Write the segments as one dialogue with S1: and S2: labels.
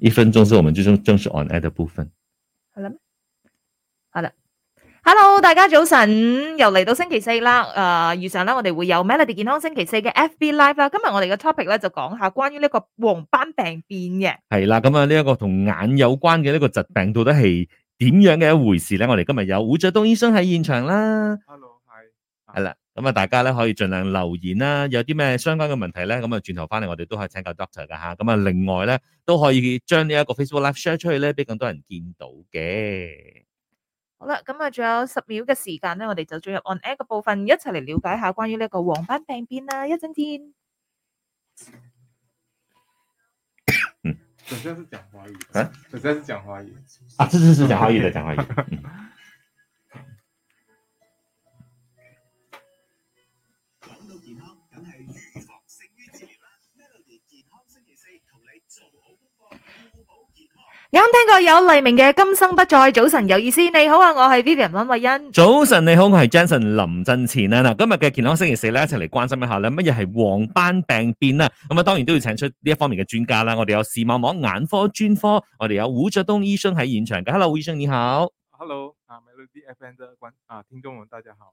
S1: 一分鐘是我們最正正式 on air 的部分，
S2: 好啦，好啦，Hello，大家早晨，又嚟到星期四啦，誒，如常啦，我哋會有 Melody 健康星期四嘅 FB Live 啦，今日我哋嘅 topic 咧就講下關於呢個黃斑病變嘅，
S1: 係啦，咁啊呢一個同眼有關嘅呢個疾病到底係點樣嘅一回事咧？我哋今日有胡澤東醫生喺現場啦，Hello，係，係啦。咁啊，大家咧可以盡量留言啦，有啲咩相關嘅問題咧，咁啊，轉頭翻嚟我哋都可以請教 doctor 嘅吓。咁啊，另外咧都可以將呢一個 Facebook Live share 出去咧，俾更多人見到嘅。
S2: 好啦，咁啊，仲有十秒嘅時間咧，我哋就進入 on air 嘅部分，一齊嚟了解下關於呢一個黃斑病變啦，一陣見。嗯，
S3: 實在是講華語啊，實在是講華語啊，是是是講華語嘅，講華語。
S2: 有聽過有黎明嘅今生不再，早晨有意思。你好啊，我係 Vivian 溫慧欣。
S1: 早晨你好，我係 Jason 林振前啊。嗱，今日嘅健康星期四咧，一齊嚟關心一下咧，乜嘢係黃斑病變啦？咁啊，當然都要請出呢一方面嘅專家啦。我哋有視網膜眼科專科，我哋有胡卓東醫生喺現場嘅。Hello，胡醫生你好。
S3: Hello，啊 Melody friends，啊，聽眾們大家好。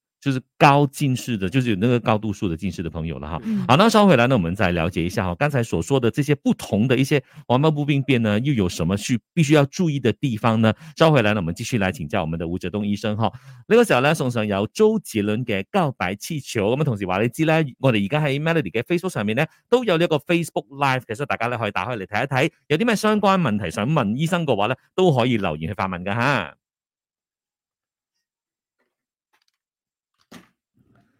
S1: 就是高近視的，就是有那個高度數的近視的朋友了哈。嗯、好，那稍後回來呢，我們再了解一下哈。剛才所說的這些不同的一些黃斑部病變呢，又有什麼需必須要注意的地方呢？稍後回來呢，我們繼續來請教我們的吳澤東醫生哈。那、這個時候呢，送上由周杰倫嘅告白氣球」。咁同時話你知呢，我哋而家喺 Melody 嘅 Facebook 上面呢，都有呢個 Facebook Live 其實大家呢可以打開嚟睇一睇，有啲咩相關問題想問醫生嘅話呢，都可以留言去發問噶吓。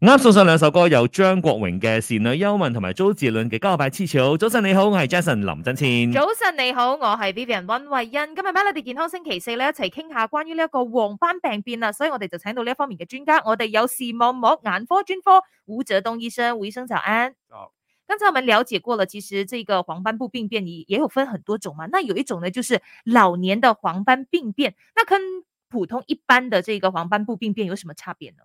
S1: 啱送上兩首歌，由張國榮嘅《倩女幽魂》同埋周杰倫嘅《交拜痴草》。早晨你好，我係 Jason 林振千。早
S2: 晨你好，我係 Vivian 溫慧欣。今日 Melody 健康星期四咧，一齊傾下關於呢一個黃斑病變啊。所以我哋就請到呢一方面嘅專家，我哋有視網膜眼科專科胡哲東醫生，胡醫生早安。早、哦。剛才我們了解過了，其實這個黃斑部病變也也有分很多種嘛。那有一種呢，就是老年的黃斑病變，那跟普通一般的這個黃斑部病變有什麼差別呢？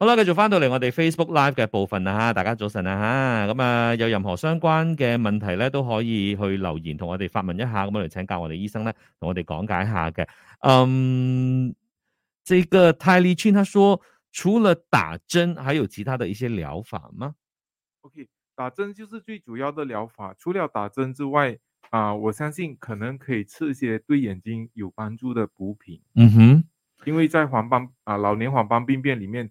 S1: 好啦，繼續返到嚟我哋 Facebook Live 嘅部分啦吓，大家早晨啦吓，咁啊有任何相關嘅問題咧，都可以去留言同我哋發問一下，咁我哋請教我哋醫生咧，同我哋講解一下嘅。嗯，這個泰利俊他說，除了打針，還有其他的一些療法嗎
S3: ？OK，打針就是最主要的療法，除了打針之外啊、呃，我相信可能可以吃一些對眼睛有幫助的補品。嗯哼，因為在黃斑啊老年黃斑病變裏面。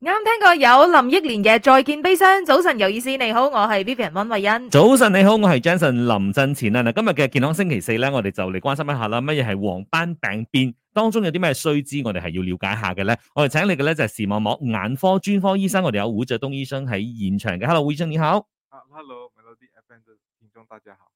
S2: 啱聽過有林憶蓮嘅再見悲傷，早晨有意思你好，我係 Vivian 温慧欣。
S1: 早晨你好，我係 Jason 林振前啊嗱，今日嘅健康星期四咧，我哋就嚟關心一下啦，乜嘢係黃斑病變當中有啲咩需知，我哋係要了解下嘅咧？我哋請嚟嘅咧就係視網膜眼科專科醫生，我哋有胡澤東醫生喺現場嘅。Hello，胡醫生你好。
S3: 啊，Hello，Melody 聽眾大家好。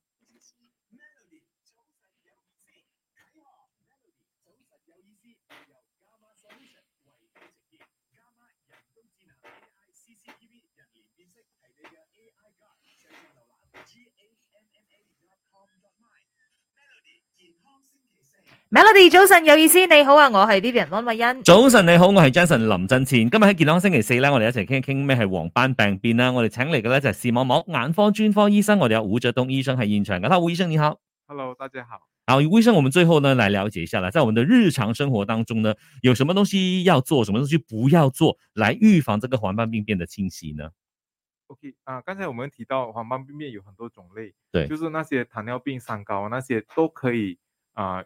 S2: melody 早晨有意思，你好啊，我是 living 溫慧欣。早
S1: 晨你好，我是 jason 林振前。今日喺健康星期四啦，我哋一齊傾一傾咩係黃斑病變啦。我哋請嚟嘅咧就係視網膜眼科專科醫生，我哋有胡澤東醫生喺現場嘅。胡醫生你好，hello，大家好。好，胡醫生，我們最後呢，來了解一下啦。在我們的日常生活當中呢，有什麼東西要做，什麼東西不要做，來預防這個黃斑病變的侵襲呢
S3: ？OK，啊、呃，剛才我們提到黃斑病變有很多種類，對，就是那些糖尿病、三高，那些都可以啊。呃